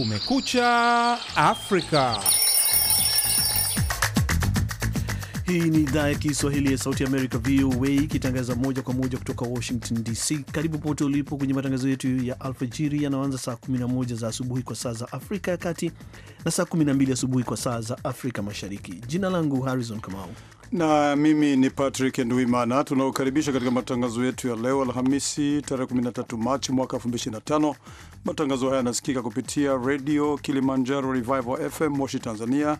Kumekucha Afrika. Hii ni idhaa ya Kiswahili ya Sauti Amerika, VOA, ikitangaza moja kwa moja kutoka Washington DC. Karibu popote ulipo kwenye matangazo yetu ya alfajiri yanayoanza saa 11 za asubuhi kwa saa za Afrika ya Kati na saa 12 asubuhi kwa saa za Afrika Mashariki. Jina langu Harrison Kamau na mimi ni Patrick Ndwimana. Tunaokaribisha katika matangazo yetu ya leo Alhamisi, tarehe 13 Machi mwaka 2025. Matangazo haya yanasikika kupitia redio Kilimanjaro Revival FM Moshi Tanzania,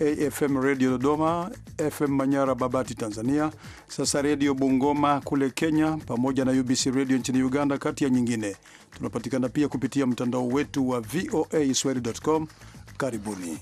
AFM redio Dodoma, FM Manyara Babati Tanzania, sasa redio Bungoma kule Kenya, pamoja na UBC redio nchini Uganda, kati ya nyingine. Tunapatikana pia kupitia mtandao wetu wa voa swahili.com. Karibuni.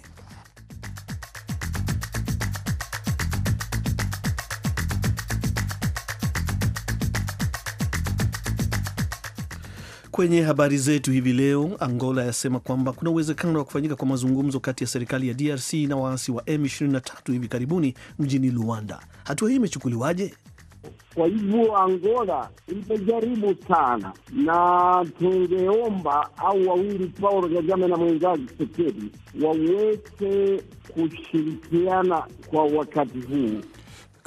Kwenye habari zetu hivi leo, Angola yasema kwamba kuna uwezekano wa kufanyika kwa mazungumzo kati ya serikali ya DRC na waasi wa M23 hivi karibuni mjini Luanda. Hatua hii imechukuliwaje? Kwa hivyo Angola imejaribu sana, na tungeomba au wawili Paulo Kagame na mwenzake Tshisekedi waweze kushirikiana kwa wakati huu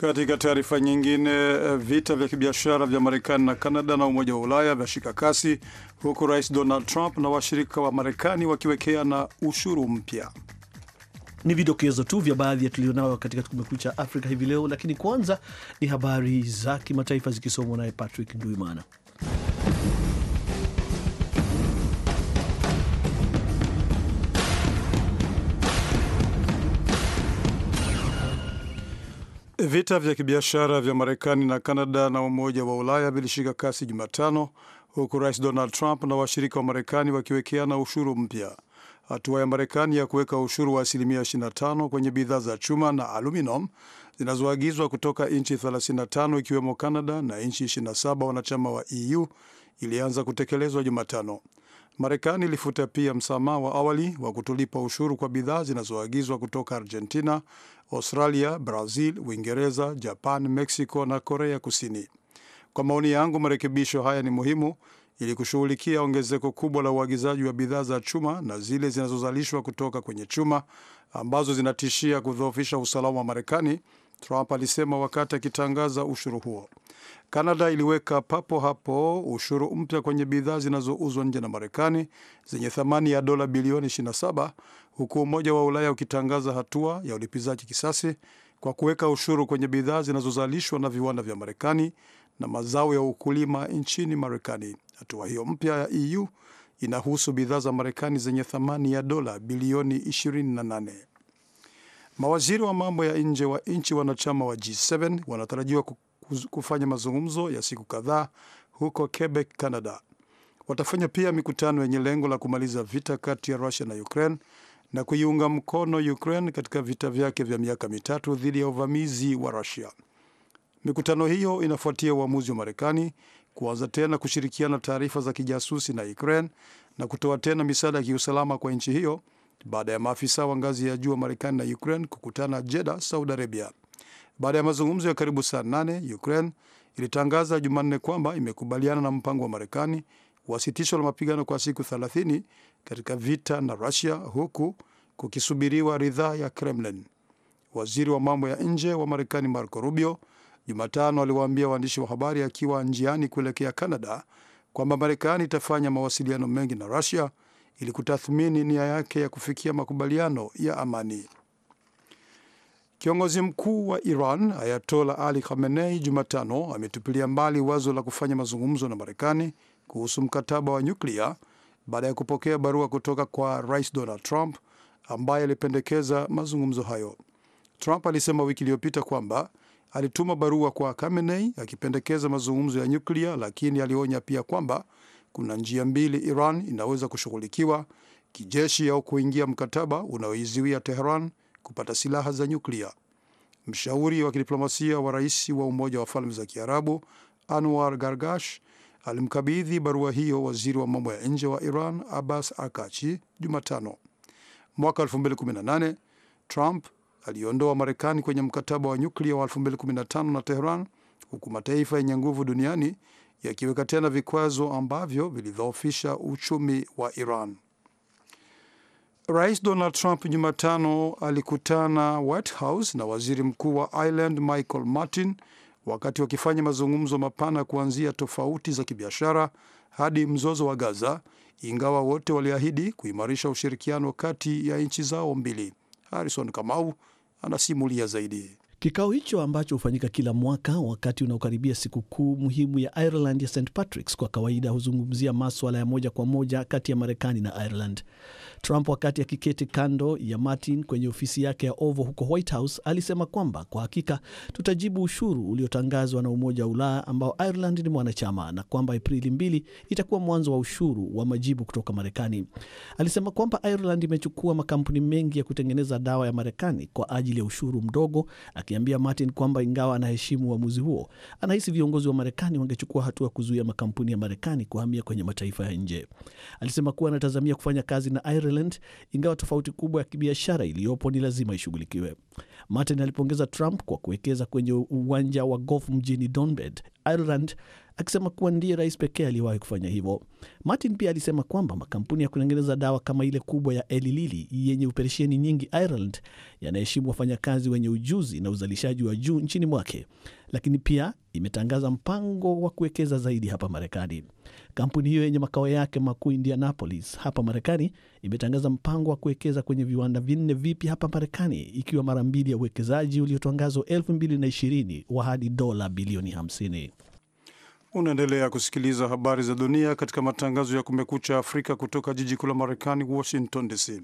katika taarifa nyingine, eh, vita vya kibiashara vya Marekani na Kanada na Umoja wa Ulaya vyashika kasi huku Rais Donald Trump na washirika wa Marekani wakiwekea na ushuru mpya. Ni vidokezo tu vya baadhi ya tulionayo katika Kumekucha Afrika hivi leo, lakini kwanza ni habari za kimataifa zikisomwa naye Patrick Nduimana. Vita vya kibiashara vya Marekani na Kanada na Umoja wa Ulaya vilishika kasi Jumatano, huku Rais Donald Trump na washirika wa Marekani wakiwekeana ushuru mpya. Hatua ya Marekani ya kuweka ushuru wa asilimia 25 kwenye bidhaa za chuma na aluminium zinazoagizwa kutoka nchi 35 ikiwemo Kanada na nchi 27 wanachama wa EU ilianza kutekelezwa Jumatano. Marekani ilifuta pia msamaha wa awali wa kutolipa ushuru kwa bidhaa zinazoagizwa kutoka Argentina, Australia, Brazil, Uingereza, Japan, Mexico na Korea Kusini. Kwa maoni yangu, marekebisho haya ni muhimu ili kushughulikia ongezeko kubwa la uagizaji wa bidhaa za chuma na zile zinazozalishwa kutoka kwenye chuma ambazo zinatishia kudhoofisha usalama wa Marekani, Trump alisema wakati akitangaza ushuru huo. Kanada iliweka papo hapo ushuru mpya kwenye bidhaa zinazouzwa nje na Marekani zenye thamani ya dola bilioni 27 huku Umoja wa Ulaya ukitangaza hatua ya ulipizaji kisasi kwa kuweka ushuru kwenye bidhaa zinazozalishwa na viwanda vya Marekani na mazao ya ukulima nchini Marekani. Hatua hiyo mpya ya EU inahusu bidhaa za Marekani zenye thamani ya dola bilioni 28. Mawaziri wa mambo ya nje wa nchi wanachama wa G7 wanatarajiwa kufanya mazungumzo ya siku kadhaa huko Quebec, Canada. Watafanya pia mikutano yenye lengo la kumaliza vita kati ya Russia na Ukraine na kuiunga mkono Ukraine katika vita vyake vya miaka mitatu dhidi ya uvamizi wa Russia. Mikutano hiyo inafuatia uamuzi wa Marekani kuanza tena kushirikiana taarifa za kijasusi na Ukraine na kutoa tena misaada ya kiusalama kwa nchi hiyo baada ya maafisa wa ngazi ya juu wa Marekani na Ukraine kukutana Jeddah, Saudi Arabia. Baada ya mazungumzo ya karibu saa nane, Ukraine ilitangaza Jumanne kwamba imekubaliana na mpango wa Marekani wa sitisho la mapigano kwa siku 30 katika vita na Russia, huku kukisubiriwa ridhaa ya Kremlin. Waziri wa mambo ya nje wa Marekani Marco Rubio Jumatano aliwaambia waandishi wa habari akiwa njiani kuelekea Canada kwamba Marekani itafanya mawasiliano mengi na Russia ili kutathmini nia yake ya kufikia makubaliano ya amani. Kiongozi mkuu wa Iran Ayatola Ali Khamenei Jumatano ametupilia mbali wazo la kufanya mazungumzo na Marekani kuhusu mkataba wa nyuklia baada ya kupokea barua kutoka kwa Rais Donald Trump ambaye alipendekeza mazungumzo hayo. Trump alisema wiki iliyopita kwamba alituma barua kwa Khamenei akipendekeza mazungumzo ya nyuklia, lakini alionya pia kwamba kuna njia mbili Iran inaweza kushughulikiwa, kijeshi au kuingia mkataba unaoiziwia Tehran kupata silaha za nyuklia. Mshauri wa kidiplomasia wa rais wa Umoja wa Falme za Kiarabu Anwar Gargash alimkabidhi barua hiyo waziri wa mambo ya nje wa Iran Abbas Araghchi Jumatano. Mwaka 2018 Trump aliondoa Marekani kwenye mkataba wa nyuklia wa 2015 na Tehran, huku mataifa yenye nguvu duniani yakiweka tena vikwazo ambavyo vilidhoofisha uchumi wa Iran. Rais Donald Trump Jumatano alikutana White House na waziri mkuu wa Ireland Michael Martin wakati wakifanya mazungumzo mapana kuanzia tofauti za kibiashara hadi mzozo wa Gaza, ingawa wote waliahidi kuimarisha ushirikiano kati ya nchi zao mbili. Harrison Kamau anasimulia zaidi. Kikao hicho ambacho hufanyika kila mwaka wakati unaokaribia sikukuu muhimu ya Ireland ya St Patrick's, kwa kawaida huzungumzia maswala ya moja kwa moja kati ya Marekani na Ireland. Trump wakati akiketi kando ya Martin kwenye ofisi yake ya Oval huko White House alisema kwamba kwa hakika tutajibu ushuru uliotangazwa na Umoja wa Ulaya ambao Ireland ni mwanachama na kwamba Aprili mbili itakuwa mwanzo wa ushuru wa majibu kutoka Marekani. Alisema kwamba Ireland imechukua makampuni mengi ya kutengeneza dawa ya Marekani kwa ajili ya ushuru mdogo, akiambia Martin kwamba ingawa anaheshimu uamuzi huo, anahisi viongozi wa Marekani wangechukua hatua kuzuia makampuni ya Marekani kuhamia kwenye mataifa ya nje. Alisema kuwa anatazamia kufanya kazi na Ireland Maryland, ingawa tofauti kubwa ya kibiashara iliyopo ni lazima ishughulikiwe. Martin alipongeza Trump kwa kuwekeza kwenye uwanja wa golf mjini Donbed, Ireland, akisema kuwa ndiye rais pekee aliyewahi kufanya hivyo. Martin pia alisema kwamba makampuni ya kutengeneza dawa kama ile kubwa ya Eli Lilly yenye operesheni nyingi Ireland yanaheshimu wafanyakazi wenye ujuzi na uzalishaji wa juu nchini mwake lakini pia imetangaza mpango wa kuwekeza zaidi hapa Marekani. Kampuni hiyo yenye makao yake makuu Indianapolis hapa Marekani imetangaza mpango wa kuwekeza kwenye viwanda vinne vipya hapa Marekani, ikiwa mara mbili ya uwekezaji uliotangazwa 2020 wa hadi dola bilioni 50. Unaendelea kusikiliza habari za dunia katika matangazo ya Kumekucha Afrika kutoka jiji kuu la Marekani, Washington DC.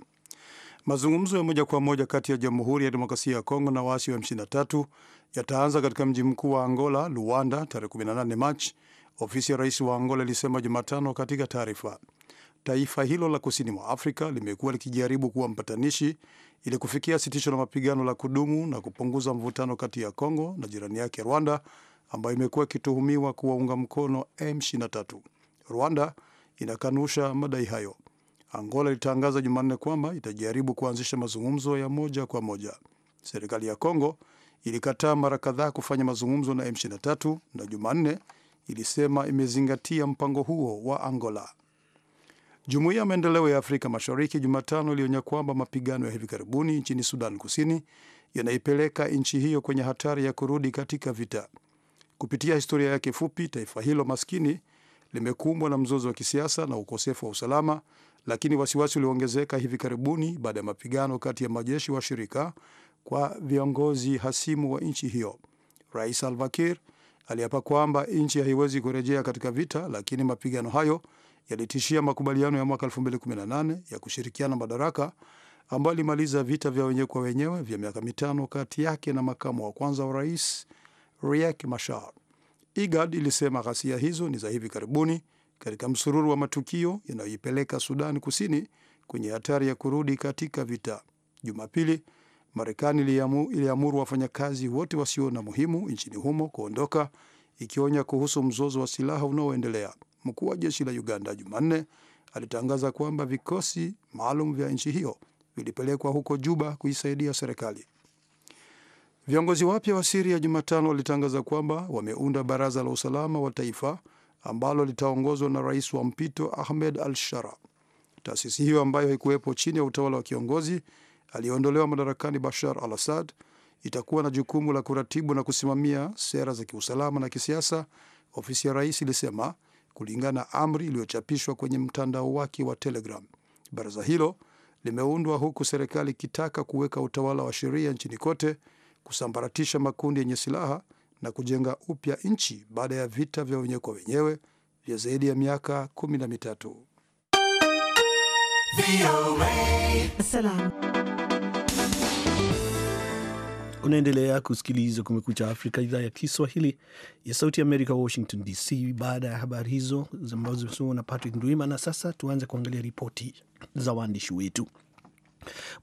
Mazungumzo ya moja kwa moja kati ya Jamhuri ya Demokrasia ya Kongo na waasi wa M23 yataanza katika mji mkuu wa Angola, Luanda, tarehe 18 Machi, ofisi ya rais wa Angola ilisema Jumatano katika taarifa. Taifa hilo la kusini mwa Afrika limekuwa likijaribu kuwa mpatanishi ili kufikia sitisho la mapigano la kudumu na kupunguza mvutano kati ya Kongo na jirani yake Rwanda, ambayo imekuwa ikituhumiwa kuwaunga mkono M23. Rwanda inakanusha madai hayo. Angola ilitangaza Jumanne kwamba itajaribu kuanzisha mazungumzo ya moja kwa moja. Serikali ya Kongo ilikataa mara kadhaa kufanya mazungumzo na M23 na Jumanne ilisema imezingatia mpango huo wa Angola. Jumuiya ya maendeleo ya Afrika Mashariki Jumatano ilionya kwamba mapigano ya hivi karibuni nchini Sudan Kusini yanaipeleka nchi hiyo kwenye hatari ya kurudi katika vita. Kupitia historia yake fupi, taifa hilo maskini limekumbwa na mzozo wa kisiasa na ukosefu wa usalama lakini wasiwasi uliongezeka hivi karibuni baada ya mapigano kati ya majeshi washirika kwa viongozi hasimu wa nchi hiyo. Rais alvakir aliapa kwamba nchi haiwezi kurejea katika vita, lakini mapigano hayo yalitishia makubaliano ya mwaka 2018 ya kushirikiana madaraka ambayo alimaliza vita vya wenyewe kwa wenyewe vya miaka mitano kati yake na makamu wa kwanza wa rais Riek Machar. IGAD ilisema ghasia hizo ni za hivi karibuni katika msururu wa matukio yanayoipeleka Sudan Kusini kwenye hatari ya kurudi katika vita. Jumapili, Marekani iliamuru wafanyakazi wote wasio na muhimu nchini humo kuondoka, ikionya kuhusu mzozo wa silaha unaoendelea. Mkuu wa jeshi la Uganda Jumanne alitangaza kwamba vikosi maalum vya nchi hiyo vilipelekwa huko Juba kuisaidia serikali. Viongozi wapya wa Siria Jumatano walitangaza kwamba wameunda baraza la usalama wa taifa ambalo litaongozwa na rais wa mpito Ahmed al-Shara. Taasisi hiyo ambayo haikuwepo chini ya utawala wa kiongozi aliyeondolewa madarakani Bashar al-Assad itakuwa na jukumu la kuratibu na kusimamia sera za kiusalama na kisiasa, ofisi ya rais ilisema, kulingana na amri iliyochapishwa kwenye mtandao wake wa Telegram. Baraza hilo limeundwa huku serikali ikitaka kuweka utawala wa sheria nchini kote, kusambaratisha makundi yenye silaha na kujenga upya nchi baada ya vita vya wenyewe kwa wenyewe vya zaidi ya miaka kumi na mitatu. Unaendelea kusikiliza Kumekucha Afrika, idhaa ya Kiswahili ya Sauti Amerika, Washington DC. Baada ya habari hizo ambazo zimesomwa na Patrick Ndwima, na sasa tuanze kuangalia ripoti za waandishi wetu.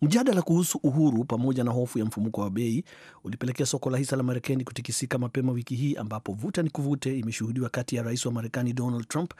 Mjadala kuhusu uhuru pamoja na hofu ya mfumuko wa bei ulipelekea soko la hisa la Marekani kutikisika mapema wiki hii, ambapo vuta ni kuvute imeshuhudiwa kati ya rais wa Marekani Donald Trump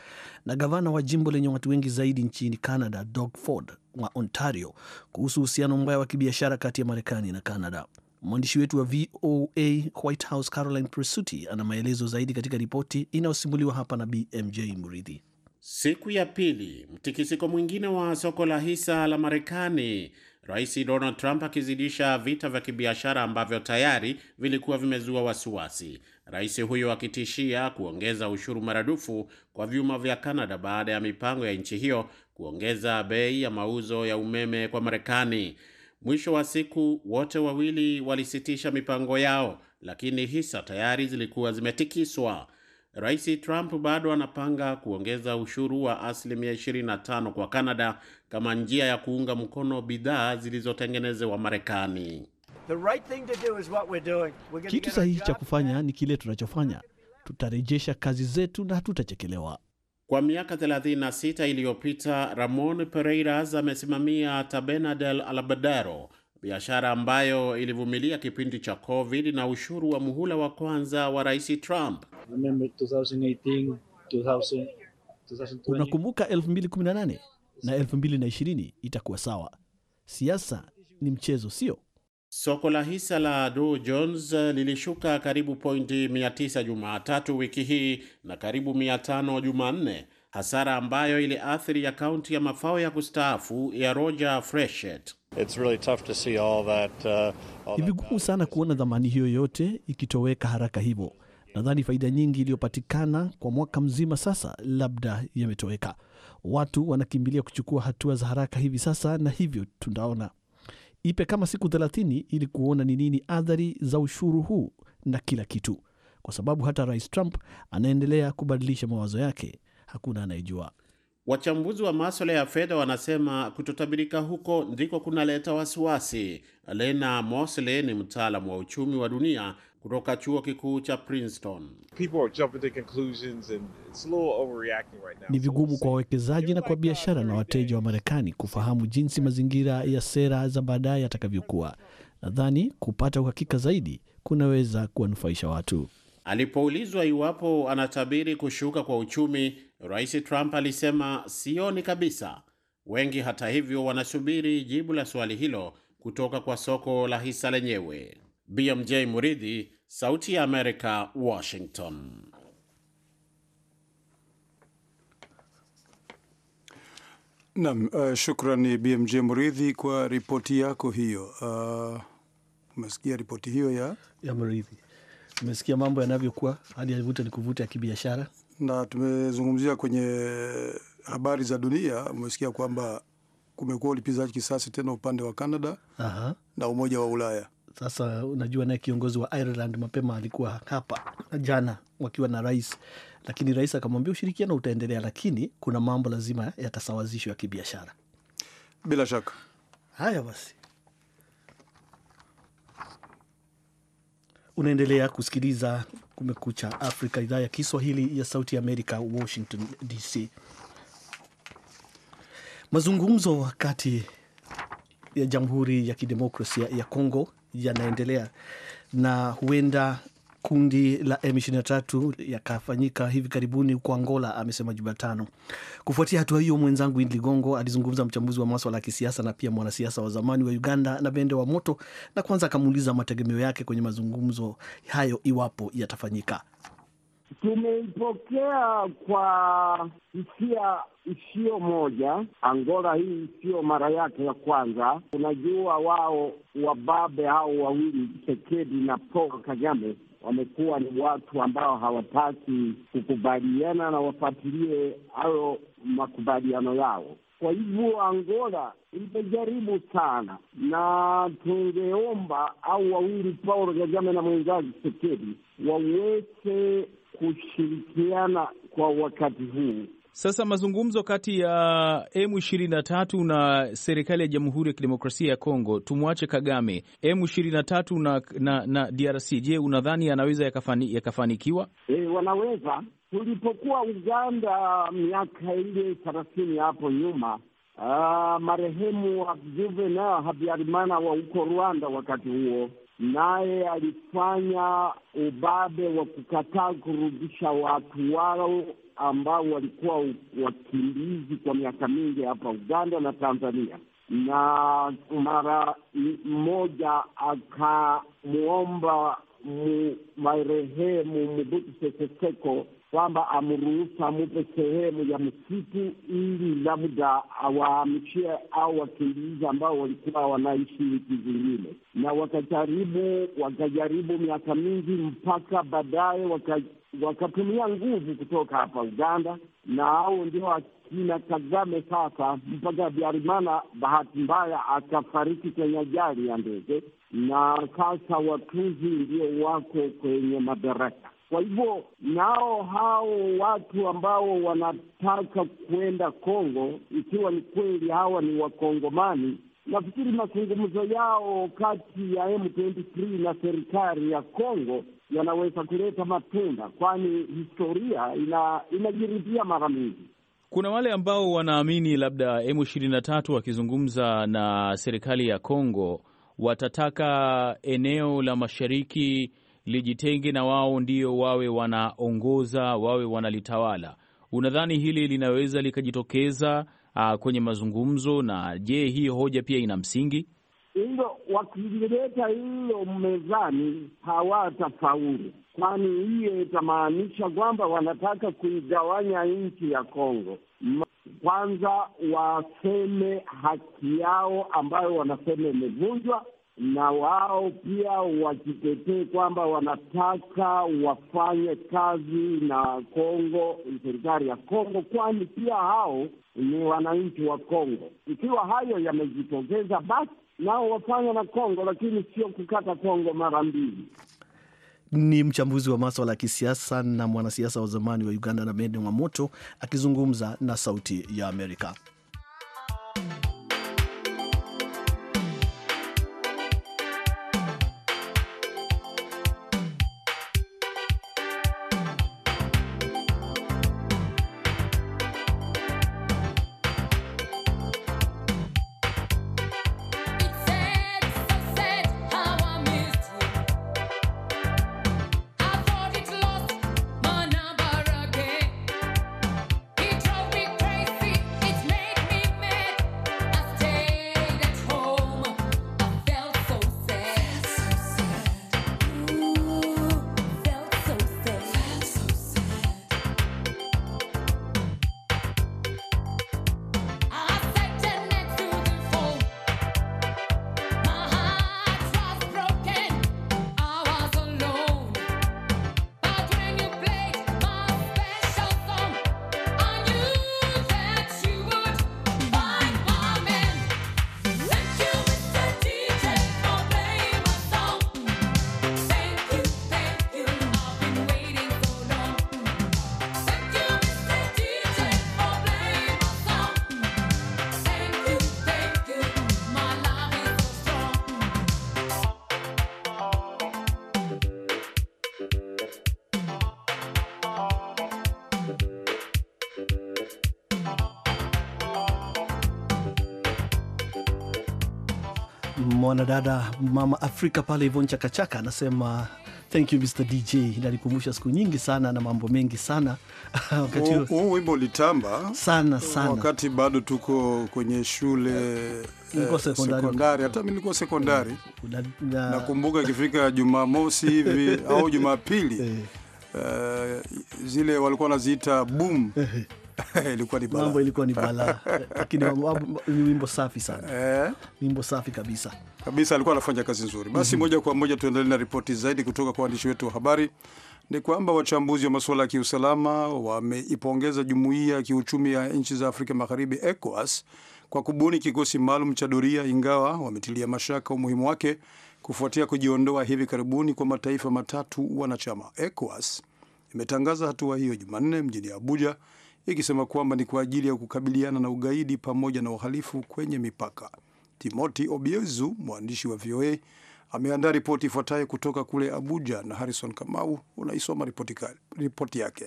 na gavana wa jimbo lenye watu wengi zaidi nchini Canada Doug Ford wa Ontario kuhusu uhusiano mbaya wa kibiashara kati ya Marekani na Canada. Mwandishi wetu wa VOA White House Caroline Presutti ana maelezo zaidi katika ripoti inayosimuliwa hapa na BMJ Mridhi. Siku ya pili, mtikisiko mwingine wa soko la hisa la Marekani, Rais Donald Trump akizidisha vita vya kibiashara ambavyo tayari vilikuwa vimezua wasiwasi. Rais huyo akitishia kuongeza ushuru maradufu kwa vyuma vya canada baada ya mipango ya nchi hiyo kuongeza bei ya mauzo ya umeme kwa Marekani. Mwisho wa siku, wote wawili walisitisha mipango yao, lakini hisa tayari zilikuwa zimetikiswa. Rais Trump bado anapanga kuongeza ushuru wa asilimia 25 kwa Canada kama njia ya kuunga mkono bidhaa zilizotengenezewa Marekani. Kitu sahihi cha kufanya ni kile tunachofanya. Tutarejesha kazi zetu na hatutachekelewa. Kwa miaka 36 iliyopita, Ramon Pereiras amesimamia Tabena del biashara ambayo ilivumilia kipindi cha COVID na ushuru wa muhula wa kwanza wa Rais Trump. 2018, 2000, 2020. Unakumbuka 2018 na 2020 itakuwa sawa. Siasa ni mchezo, sio? Soko la hisa la do Jones lilishuka karibu pointi 900 Jumatatu wiki hii na karibu 5 Jumanne, hasara ambayo iliathiri akaunti ya mafao ya kustaafu ya Roger Freshet really uh, ni vigumu sana kuona dhamani hiyo yote ikitoweka haraka hivyo. Nadhani faida nyingi iliyopatikana kwa mwaka mzima sasa labda yametoweka. Watu wanakimbilia kuchukua hatua za haraka hivi sasa, na hivyo tunaona ipe kama siku thelathini ili kuona ni nini athari za ushuru huu na kila kitu, kwa sababu hata Rais Trump anaendelea kubadilisha mawazo yake. Hakuna anayejua. Wachambuzi wa maswala ya fedha wanasema kutotabirika huko ndiko kunaleta wasiwasi. Lena Mosley ni mtaalamu wa uchumi wa dunia kutoka chuo kikuu cha Princeton. Ni vigumu kwa wawekezaji na kwa biashara na wateja wa Marekani kufahamu jinsi mazingira ya sera za baadaye yatakavyokuwa. Nadhani kupata uhakika zaidi kunaweza kuwanufaisha watu. Alipoulizwa iwapo anatabiri kushuka kwa uchumi, Rais Trump alisema sioni kabisa. Wengi hata hivyo wanasubiri jibu la swali hilo kutoka kwa soko la hisa lenyewe. BMJ Muridhi, Sauti ya Amerika, Washington. Nam, uh, shukrani BMJ Muridhi kwa ripoti yako hiyo. Uh, umesikia ripoti hiyo ya, ya Mridhi Umesikia mambo yanavyokuwa, hali ya vuta ni kuvuta ya kibiashara, na tumezungumzia kwenye habari za dunia. Umesikia kwamba kumekuwa ulipizaji kisasi tena upande wa Canada Aha. na Umoja wa Ulaya. Sasa unajua, naye kiongozi wa Ireland mapema alikuwa hapa jana wakiwa na rais, lakini rais akamwambia ushirikiano utaendelea, lakini kuna mambo lazima yatasawazishwa ya kibiashara. Bila shaka haya basi Unaendelea kusikiliza Kumekucha Afrika, idhaa ya Kiswahili ya Sauti ya Amerika, Washington DC. Mazungumzo kati ya Jamhuri ya Kidemokrasia ya congo yanaendelea na huenda kundi la M23 yakafanyika hivi karibuni huko Angola, amesema Jumatano. Kufuatia hatua hiyo, mwenzangu Idi Ligongo alizungumza mchambuzi wa maswala ya kisiasa na pia mwanasiasa wa zamani wa Uganda na Bende wa Moto, na kwanza akamuuliza mategemeo yake kwenye mazungumzo hayo iwapo yatafanyika. Tumeipokea kwa hisia isiyo moja. Angola hii isiyo mara yake ya kwanza. Unajua, wao wababe hao wawili Tshisekedi na Paul Kagame wamekuwa ni watu ambao hawataki kukubaliana na wafuatilie hayo makubaliano yao. Kwa hivyo Angola imejaribu sana, na tungeomba au wawili Paulo Kagame na mwenzake Tshisekedi waweze kushirikiana kwa wakati huu sasa mazungumzo kati ya M23 na serikali ya Jamhuri ya Kidemokrasia ya Kongo, tumwache Kagame, M23 na, na, na DRC, je, unadhani yanaweza yakafanikiwa? E, wanaweza. Tulipokuwa Uganda miaka ile thelathini hapo nyuma, uh, marehemu Juvenal Habyarimana wa huko Rwanda wakati huo naye alifanya ubabe wa kukataa kurudisha watu wao ambao walikuwa wakimbizi kwa miaka mingi hapa Uganda na Tanzania, na mara mmoja akamwomba marehemu Mobutu Sese Seko kwamba amruhusu amupe sehemu ya msitu ili labda awahamishie au wakimbizi ambao walikuwa wanaishi wiki zingine, na wakajaribu wakajaribu miaka mingi, mpaka baadaye waka, wakatumia nguvu kutoka hapa Uganda, na hao ndio akina Kagame. Sasa mpaka Biarimana bahati mbaya akafariki kwenye ajali ya ndege na sasa watuzi ndio wako kwenye madaraka. Kwa hivyo nao hao watu ambao wanataka kuenda Kongo, ikiwa ni kweli hawa ni Wakongomani, nafikiri mazungumzo yao kati ya M23 na serikali ya Kongo yanaweza kuleta matunda, kwani historia ina inajirudia mara mingi. Kuna wale ambao wanaamini labda M23 wakizungumza na serikali ya Kongo watataka eneo la mashariki lijitenge na wao ndio wawe wanaongoza, wawe wanalitawala. Unadhani hili linaweza likajitokeza uh, kwenye mazungumzo? Na je, hii hoja pia ina msingi? Hilo wakilileta hilo mezani hawatafaulu, kwani hiyo itamaanisha kwamba wanataka kuigawanya nchi ya Kongo kwanza waseme haki yao ambayo wanasema imevunjwa, na wao pia wajitetee kwamba wanataka wafanye kazi na Kongo, serikali ya Kongo, kwani pia hao ni wananchi wa Kongo. Ikiwa hayo yamejitokeza, basi nao wafanya na Kongo, lakini sio kukata Kongo mara mbili ni mchambuzi wa maswala ya kisiasa na mwanasiasa wa zamani wa Uganda, na wa Mwamoto akizungumza na Sauti ya Amerika. mwanadada mama Afrika pale Ivon Chakachaka anasema thank you Mr DJ, nalikumbusha siku nyingi sana na mambo mengi sana huu wimbo litamba sana sana wakati bado tuko kwenye shule nilikuwa eh, sekondari, hata mimi nilikuwa sekondari. Mm. Nakumbuka ikifika Jumamosi hivi au Jumapili, uh, zile walikuwa wanaziita boom ilikuwa ni mambo ilikuwa ni balaa lakini ni wimbo safi sana, eh? wimbo safi kabisa kabisa, alikuwa anafanya kazi nzuri. Basi moja kwa moja tuendelee na ripoti zaidi kutoka kwa waandishi wetu wa habari. Ni kwamba wachambuzi wa masuala ya kiusalama wameipongeza jumuiya ya kiuchumi ya nchi za Afrika Magharibi, ECOWAS, kwa kubuni kikosi maalum cha doria, ingawa wametilia mashaka umuhimu wake kufuatia kujiondoa hivi karibuni kwa mataifa matatu wanachama. ECOWAS imetangaza hatua hiyo Jumanne mjini Abuja ikisema kwamba ni kwa ajili ya kukabiliana na ugaidi pamoja na uhalifu kwenye mipaka. Timothy Obiezu, mwandishi wa VOA, ameandaa ripoti ifuatayo kutoka kule Abuja, na Harrison Kamau unaisoma ripoti yake.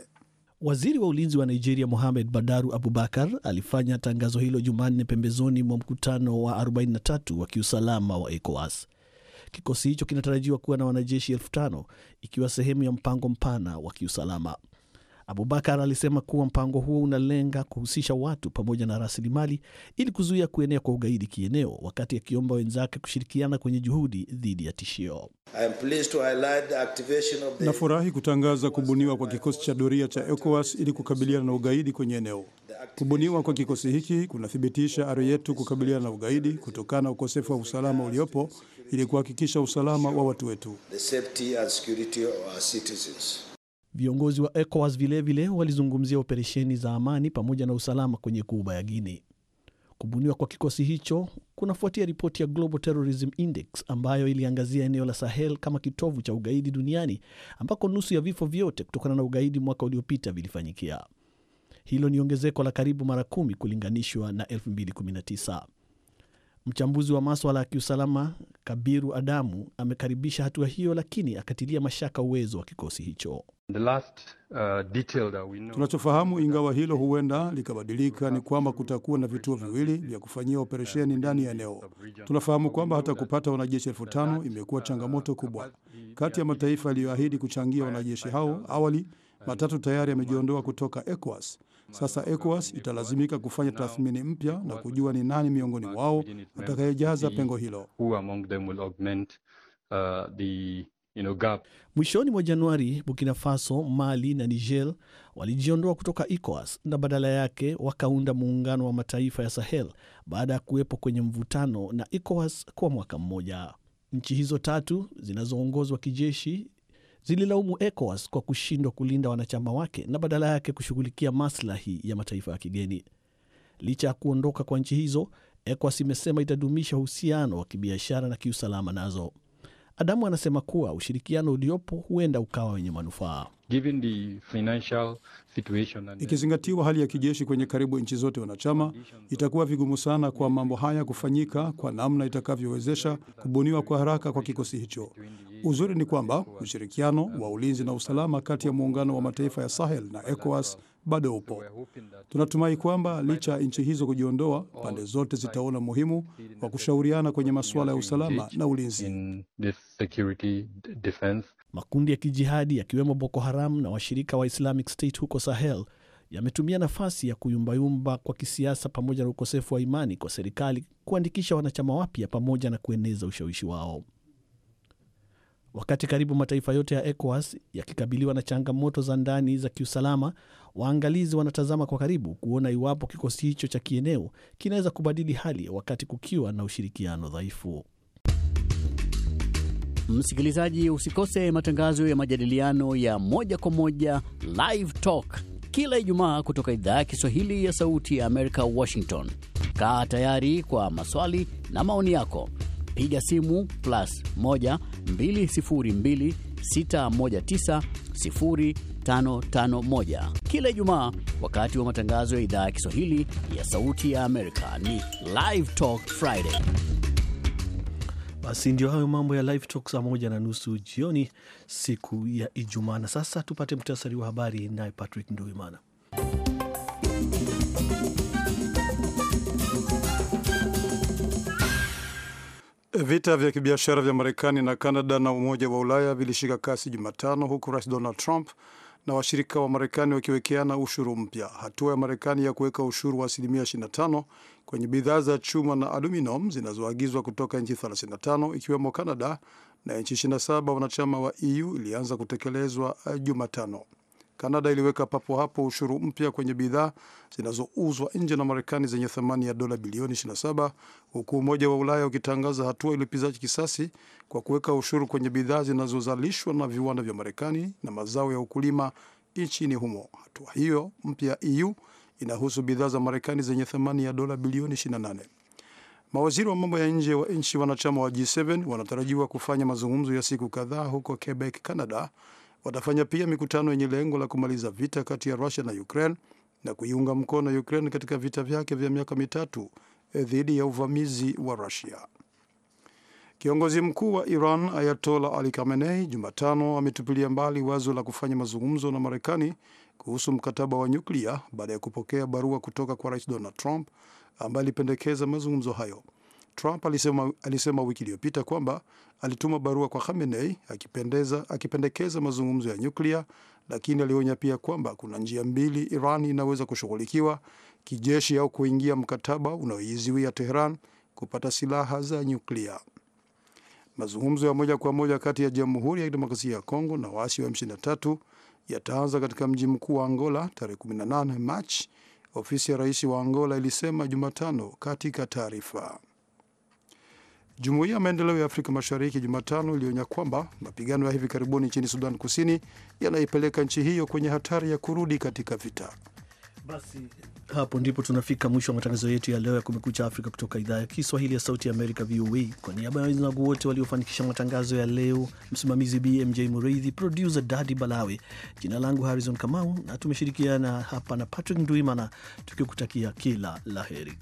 Waziri wa ulinzi wa Nigeria Mohamed Badaru Abubakar alifanya tangazo hilo Jumanne pembezoni mwa mkutano wa 43 wa kiusalama wa ECOWAS. Kikosi hicho kinatarajiwa kuwa na wanajeshi elfu tano ikiwa sehemu ya mpango mpana wa kiusalama. Abubakar alisema kuwa mpango huo unalenga kuhusisha watu pamoja na rasilimali ili kuzuia kuenea kwa ugaidi kieneo, wakati akiomba wenzake kushirikiana kwenye juhudi dhidi ya tishio. nafurahi kutangaza kubuniwa kwa kikosi cha doria cha ECOWAS ili kukabiliana na ugaidi kwenye eneo. Kubuniwa kwa kikosi hiki kunathibitisha ari yetu kukabiliana na ugaidi kutokana na ukosefu wa usalama uliopo ili kuhakikisha usalama wa watu wetu. Viongozi wa ECOWAS vilevile walizungumzia operesheni za amani pamoja na usalama kwenye kuba ya Guini. Kubuniwa kwa kikosi hicho kunafuatia ripoti ya Global Terrorism Index ambayo iliangazia eneo la Sahel kama kitovu cha ugaidi duniani ambako nusu ya vifo vyote kutokana na ugaidi mwaka uliopita vilifanyikia. Hilo ni ongezeko la karibu mara kumi kulinganishwa na 2019. Mchambuzi wa maswala ya kiusalama Kabiru Adamu amekaribisha hatua hiyo, lakini akatilia mashaka uwezo wa kikosi hicho. The last, uh, tunachofahamu ingawa hilo huenda likabadilika ni kwamba kutakuwa na vituo viwili vya kufanyia operesheni ndani ya eneo. Tunafahamu kwamba hata kupata wanajeshi elfu tano imekuwa changamoto kubwa. Kati ya mataifa yaliyoahidi kuchangia wanajeshi hao awali, matatu tayari yamejiondoa kutoka ECOWAS. Sasa ECOWAS italazimika kufanya tathmini mpya na kujua ni nani miongoni mwao atakayejaza pengo hilo. Uh, Mwishoni mwa Januari, Burkina Faso, Mali na Niger walijiondoa kutoka ECOWAS na badala yake wakaunda muungano wa mataifa ya Sahel baada ya kuwepo kwenye mvutano na ECOWAS kwa mwaka mmoja. Nchi hizo tatu zinazoongozwa kijeshi zililaumu ECOWAS kwa kushindwa kulinda wanachama wake na badala yake kushughulikia maslahi ya mataifa ya kigeni. Licha ya kuondoka kwa nchi hizo, ECOWAS imesema itadumisha uhusiano wa kibiashara na kiusalama nazo. Adamu anasema kuwa ushirikiano uliopo huenda ukawa wenye manufaa ikizingatiwa hali ya kijeshi kwenye karibu nchi zote wanachama. Itakuwa vigumu sana kwa mambo haya kufanyika kwa namna itakavyowezesha kubuniwa kwa haraka kwa kikosi hicho. Uzuri ni kwamba ushirikiano wa ulinzi na usalama kati ya muungano wa mataifa ya Sahel na ECOWAS bado upo. Tunatumai kwamba licha ya nchi hizo kujiondoa, pande zote zitaona muhimu wa kushauriana kwenye masuala ya usalama na ulinzi. Makundi ya kijihadi yakiwemo Boko Haram na washirika wa Islamic State huko Sahel yametumia nafasi ya kuyumbayumba kwa kisiasa pamoja na ukosefu wa imani kwa serikali kuandikisha wanachama wapya pamoja na kueneza ushawishi wao. Wakati karibu mataifa yote ya ECOWAS yakikabiliwa na changamoto za ndani za kiusalama, waangalizi wanatazama kwa karibu kuona iwapo kikosi hicho cha kieneo kinaweza kubadili hali wakati kukiwa na ushirikiano dhaifu. Msikilizaji, usikose matangazo ya majadiliano ya moja kwa moja Live Talk kila Ijumaa kutoka idhaa ya Kiswahili ya Sauti ya Amerika, Washington. Kaa tayari kwa maswali na maoni yako piga simu plus 1 kila Ijumaa wakati wa matangazo ya idhaa ya Kiswahili ya Sauti ya Amerika. Ni Live Talk Friday. Basi ndio hayo mambo ya Live Talk saa moja na nusu jioni siku ya Ijumaa. Na sasa tupate muhtasari wa habari, naye Patrick Nduimana. Vita vya kibiashara vya Marekani na Kanada na Umoja wa Ulaya vilishika kasi Jumatano, huku Rais Donald Trump na washirika wa Marekani wakiwekeana ushuru mpya. Hatua ya Marekani ya kuweka ushuru wa asilimia 25 kwenye bidhaa za chuma na aluminium zinazoagizwa kutoka nchi 35 ikiwemo Kanada na nchi 27 wanachama wa EU ilianza kutekelezwa eh, Jumatano. Kanada iliweka papo hapo ushuru mpya kwenye bidhaa zinazouzwa nje na Marekani zenye thamani ya dola bilioni 27 huku Umoja wa Ulaya ukitangaza hatua ilipizaji kisasi kwa kuweka ushuru kwenye bidhaa zinazozalishwa na viwanda vya Marekani na mazao ya ukulima nchini humo. Hatua hiyo mpya EU inahusu bidhaa za Marekani zenye thamani ya dola bilioni 28. Mawaziri wa mambo ya nje wa nchi wanachama wa G7 wanatarajiwa kufanya mazungumzo ya siku kadhaa huko Quebec, Canada Watafanya pia mikutano yenye lengo la kumaliza vita kati ya Rusia na Ukraine na kuiunga mkono Ukraine katika vita vyake vya miaka mitatu eh, dhidi ya uvamizi wa Rusia. Kiongozi mkuu wa Iran ayatola Ali Khamenei Jumatano ametupilia mbali wazo la kufanya mazungumzo na Marekani kuhusu mkataba wa nyuklia baada ya kupokea barua kutoka kwa Rais Donald Trump ambaye alipendekeza mazungumzo hayo. Trump alisema, alisema wiki iliyopita kwamba alituma barua kwa Khamenei akipendeza, akipendekeza mazungumzo ya nyuklia, lakini alionya pia kwamba kuna njia mbili Iran inaweza kushughulikiwa kijeshi au kuingia mkataba unaoiziwia Tehran kupata silaha za nyuklia. Mazungumzo ya moja kwa moja kati ya Jamhuri ya Kidemokrasia ya Kongo na waasi wa M23 yataanza katika mji mkuu wa Angola tarehe 18 Machi, ofisi ya rais wa Angola ilisema Jumatano katika taarifa. Jumuiya ya maendeleo ya Afrika Mashariki Jumatano ilionya kwamba mapigano ya hivi karibuni nchini Sudan Kusini yanaipeleka nchi hiyo kwenye hatari ya kurudi katika vita. Basi hapo ndipo tunafika mwisho wa matangazo yetu ya leo ya Kumekucha Afrika kutoka idhaa ya Kiswahili ya Sauti ya Amerika, VOA. Kwa niaba ya wenzangu wote waliofanikisha matangazo ya leo, msimamizi BMJ Mureithi, producer Dadi Balawe, jina langu Harrison Kamau na tumeshirikiana hapa na Patrick Ndwimana tukikutakia kila la heri.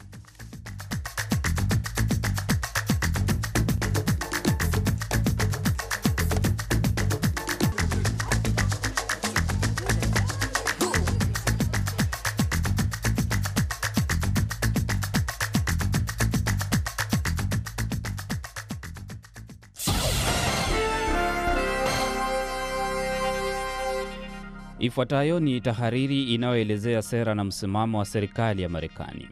Ifuatayo ni tahariri inayoelezea sera na msimamo wa serikali ya Marekani.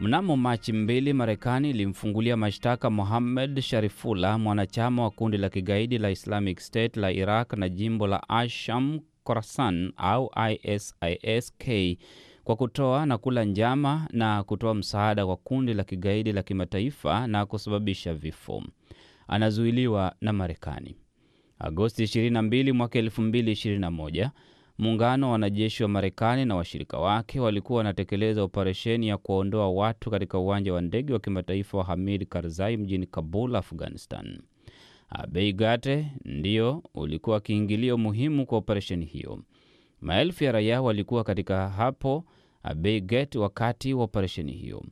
Mnamo Machi mbili, Marekani ilimfungulia mashtaka Mohammed Sharifula, mwanachama wa kundi la kigaidi la Islamic State la Iraq na jimbo la Asham Khorasan au ISISK kwa kutoa na kula njama na kutoa msaada kwa kundi la kigaidi la kimataifa na kusababisha vifo. Anazuiliwa na Marekani. Agosti 22 mwaka 2021, muungano wa wanajeshi wa Marekani na washirika wake walikuwa wanatekeleza operesheni ya kuwaondoa watu katika uwanja wa ndege wa kimataifa wa Hamid Karzai mjini Kabul, Afghanistan. Abei Gate ndio ulikuwa kiingilio muhimu kwa operesheni hiyo. Maelfu ya raia walikuwa katika hapo Abei Gate wakati wa operesheni hiyo.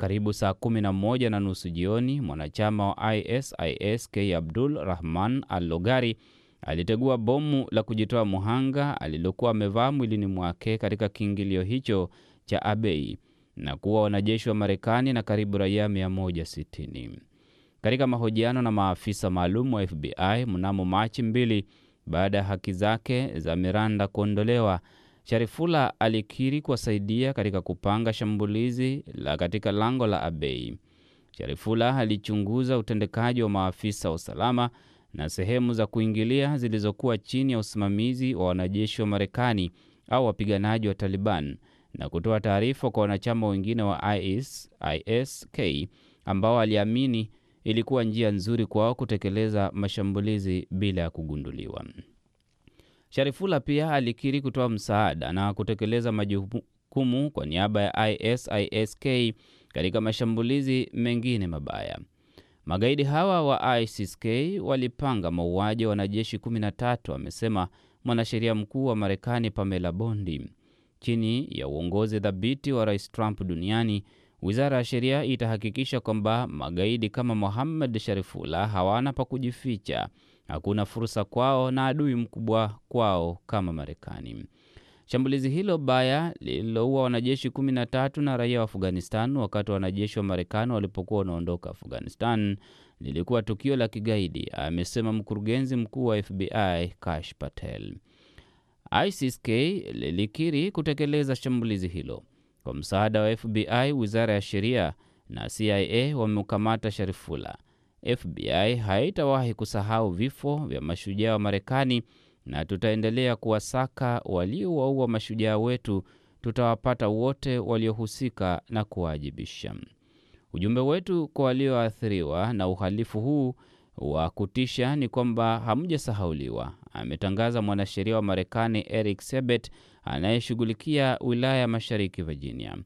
Karibu saa kumi na moja na nusu jioni, mwanachama wa ISIS K Abdul Rahman Al Logari alitegua bomu la kujitoa muhanga alilokuwa amevaa mwilini mwake katika kiingilio hicho cha Abei na kuwa wanajeshi wa Marekani na karibu raia 160. Katika mahojiano na maafisa maalum wa FBI mnamo Machi mbili baada ya haki zake za Miranda kuondolewa Charifula alikiri kuwasaidia katika kupanga shambulizi la katika lango la Abei. Charifula alichunguza utendekaji wa maafisa wa usalama na sehemu za kuingilia zilizokuwa chini ya usimamizi wa wanajeshi wa Marekani au wapiganaji wa Taliban na kutoa taarifa kwa wanachama wengine wa IS, ISK ambao aliamini ilikuwa njia nzuri kwao kutekeleza mashambulizi bila ya kugunduliwa. Sharifula pia alikiri kutoa msaada na kutekeleza majukumu kwa niaba ya ISISK katika mashambulizi mengine mabaya. Magaidi hawa wa ISISK walipanga mauaji ya wanajeshi 13, amesema mwanasheria mkuu wa Marekani Pamela Bondi. Chini ya uongozi dhabiti wa Rais Trump duniani Wizara ya Sheria itahakikisha kwamba magaidi kama Mohamed Sharifullah hawana pa kujificha. Hakuna fursa kwao na adui mkubwa kwao kama Marekani. Shambulizi hilo baya lililoua wanajeshi kumi na tatu na raia wa Afghanistan wakati wanajeshi wa Marekani walipokuwa wanaondoka Afghanistan lilikuwa tukio la kigaidi, amesema mkurugenzi mkuu wa FBI Kash Patel. ISIS-K lilikiri kutekeleza shambulizi hilo. Kwa msaada wa FBI, wizara ya sheria na CIA wameukamata Sharifula. FBI haitawahi kusahau vifo vya mashujaa wa Marekani na tutaendelea kuwasaka waliowaua mashujaa wetu. Tutawapata wote waliohusika na kuwaajibisha. Ujumbe wetu kwa walioathiriwa na uhalifu huu wa kutisha ni kwamba hamjasahauliwa, ametangaza mwanasheria wa Marekani Eric Sebet anayeshughulikia wilaya ya Mashariki Virginia.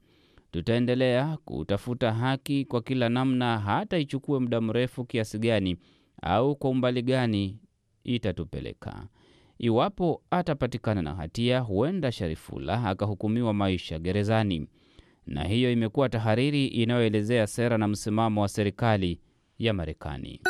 Tutaendelea kutafuta haki kwa kila namna, hata ichukue muda mrefu kiasi gani au kwa umbali gani itatupeleka. Iwapo atapatikana na hatia, huenda sharifula akahukumiwa maisha gerezani. Na hiyo imekuwa tahariri inayoelezea sera na msimamo wa serikali ya Marekani.